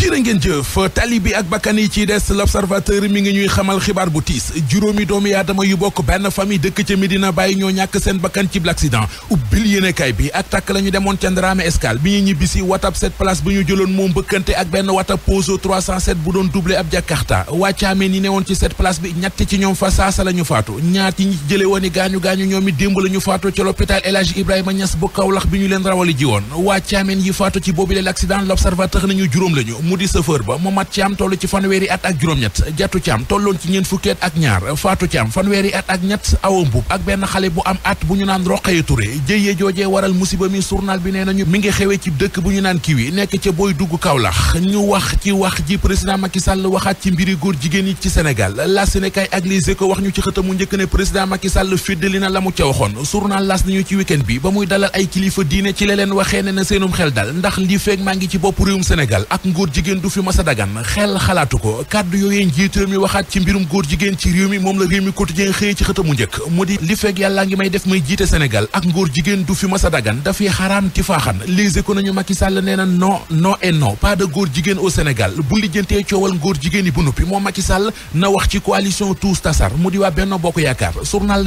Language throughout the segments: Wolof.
jirë ngeen jëf tali bi ak bakkan yi ci des l'observateur mi ngi ñuy xamal xibaar bu tiis juróomi doomu aadama yu bokk benn famille dëkk ca Medina Baye ñoo ñàkk seen bakkan ci l'accident ubbil yéenekaay bi ak tàkk la ñu demoon ca Ndramé Escale bi ñu ñibbisi watab 7 place bu ñu jëloon moom bëkkante ak benn watab Peugeot 307 bu doon doublé ab Jakarta wàccaameen yi newoon ci 7 place bi ñett ci ñoom fa saasa la ñu faatu ñaar yi ñi jële woon mu di chauffeur ba Momat Thiam toll ci fanweeri at ak juróom-ñett Jatu Thiam tolloon ci ñeent fukki at ak ñaar Fatou Thiam fanweeri at ak ñett Awa Mbub ak benn xale bu am at bu ñu naan Roqaya Touré jëyee joojee waral musiba mi journal bi nee nañu mi ngi xewee ci dëkk bu ñu naan Kiwi nekk ca booy dugg Kaolack ñu wax ci wax ji président Macky Sall waxaat ci mbiri góor jigéen yi ci Sénégal la Sénégal ak Les Échos wax ñu ci xëtamu njëkk ne président Macky Sall féddali na la mu waxoon journal las nañu ci week-end bi ba muy dalal ay kilifa ci la ne na seenum xel dal ndax lii feeg maa ngi ci bopp réewum Sénégal ak ngóor jigéen du fi masa dagan xel xalaatu ko kàddu yooyee njiit réew mi waxaat ci mbirum góor jigéen ci réew mi moom la réew mi quotidien xëy ci xëtamu njëkk mu di li fekk ngi may def may jiite Sénégal ak ngóor jigéen du fi masa dagan dafay xaraam ti faaxan Les nañu Macky Sall nee na non non et non góor jigéen au Sénégal bu lijjantee coowal ngóor jigéen yi bu noppi moom Macky Sall na wax ci coalition tous tasar mu di waa Benno Bokk Yaakaar journal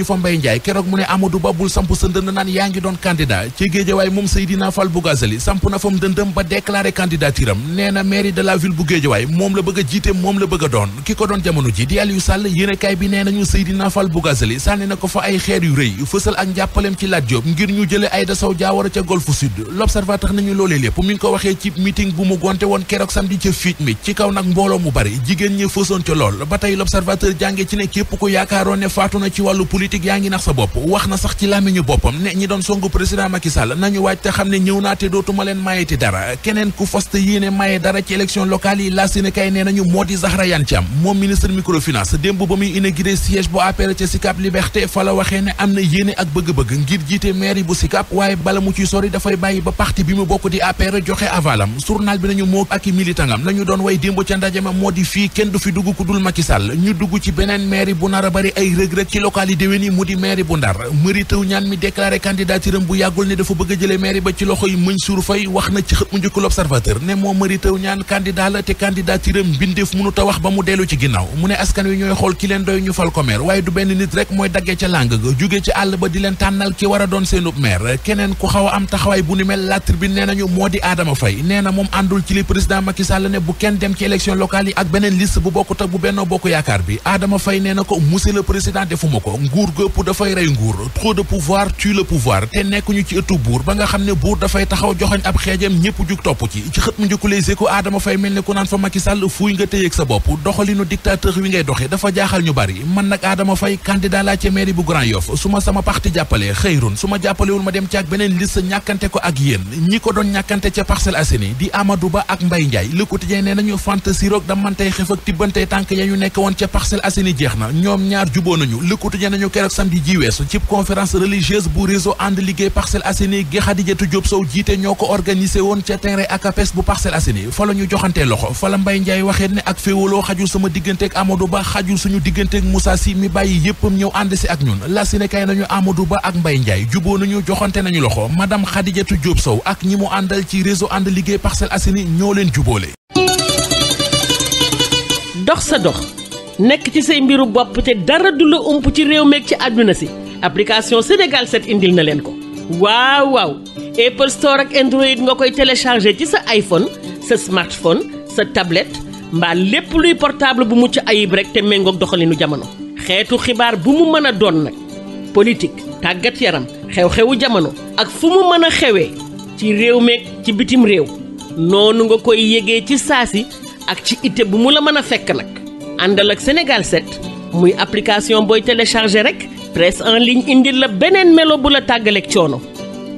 nañu fa Mbaye Ndiaye keroog mu ne Amadou Ba bul samp sa ndënd naan yaa ngi doon candidat ci Géejawaay moom Seydina Fall Bougazelli samp na fam dëndëm ba déclaré candidature nee na mairie de la ville bu Géejawaay moom la bëgg a jiite moom la bëgg a doon ki ko doon jamono ji di Aliou Sall yéenekaay bi nee nañu Seydina Fall Bougazelli sànni na ko fa ay xeer yu rëy fësal ak njàppaleem ci Lat Diop ngir ñu jële Aïda Sow Diawara ca Golf Sud L'Observateur nañu loolee lépp mi ngi ko waxee ci meeting bu mu gonte woon keroog samedi ca fiic mi ci kaw nag mbooloo mu bari jigéen ñi fësoon ca tey L'Observateur jàngee ci na ci politique yaa ngi nax sa bopp wax na sax ci làmmiñu boppam ne ñi doon songu président Macky nañu waaj te xam ne ñëw naa te dootuma leen mayeti dara keneen ku fas yéene maye dara ci élection locale yi la kay nee nañu moo di Zahra Iyane Thiam ministre microfinance démb ba muy inauguré siège bu APR ca Sicap Liberté fa la ne am na yéene ak bëgg-bëgg ngir jiite mairie bu Sicap waaye bala mu ciy sori dafay bàyyi ba parti bi mu bokk di i nii mu di maire bu Ndar Mary Teuw Niane mi déclaré candidature bu yàggul ne dafa bëgg a jëlee ba ci loxo yi Mansour Faye wax na ci xët mu njëkk l'Observateur ne moom Mary Teuw Niane candidat la te candidature am mbindeef mënu wax ba mu dellu ci ginnaaw mu ne askan wi ñooy xool ki leen doy fal ko maire waaye du benn nit rek mooy daggee ca làng ga jóge ci àll ba di leen tànnal ki war a doon seenub maire keneen ku xaw am taxawaay bu ni mel La Tribune nee nañu moo di Adama fay nee na moom àndul ci li président Macky Sall ne bu kenn dem ci élection locale yi ak beneen liste bu bokkut ak bu Benno Bokk Yaakaar bi Adama Faye nee na ko monsieur le président defuma ko nguur gëpp dafay rey ba nga xam ne buur dafay taxaw joxoñ ab xeejam ñëpp jug su ma sama parti jàppale xëyrun su jàppalewul ma dem ci ak beneen liste ñàkkante ko ak yéen ñi ko doon ñàkkante ca Parcelles Assainies di Amadou Ba ak Mbaye Ndiaye Le Quotidien nañu fantasi roog xef ak tibbantey tànk ya nekk woon ca Parcelles Assainies jeex na ñoom ñaar juboo nañu Le Quotidien nañu keroog samedi ji weesu cib conférence religieuse bu réseau ànd liggéey Parcelles Assainies Xadijatu Diop Sow jiite ñoo ko organisé woon ca terrain akapes bu Parcelles Assainies fa la ñu joxantee loxo fa la Mbaye Ndiaye waxee ne ak féewaloo xajul sama digganteeg Amadou Ba xajul suñu digganteeg Moussa Sy mi bàyyi yëppam ñëw ànd si ak ñun la si ne kay nañu Amadou Ba ak Mbaye Ndiaye juboo nañu joxante nañu loxo madame Xadijatu Diop Sow ak ñi mu àndal ci réseau ànd liggéey Parcelles Assainies ñoo leen jubóole dox sa dox nekk ci say mbiru bopp te dara du la ump ci réew meek ci àdduna si application Sénégal set indil na leen ko waaw waaw Apple Store ak Android nga koy télécharger ci sa iPhone sa smartphone sa tablette mbaa lépp luy portable bu mucc ayib rek te méngoog doxalinu jamono xeetu xibaar bu mu mën a doon nag politique tàggat yaram xew-xewu jamono ak fu mu mën a xewee ci réew meeg ci bitim réew noonu nga koy yégee ci saa si ak ci ite bu mu la mën a fekk nag àndal ak Sénégal 7 muy application booy téléchargé rek presse en ligne indil la beneen melo bu la tàggaleek coono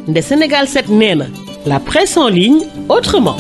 nde Sénégal 7 nee na la presse en ligne autrement.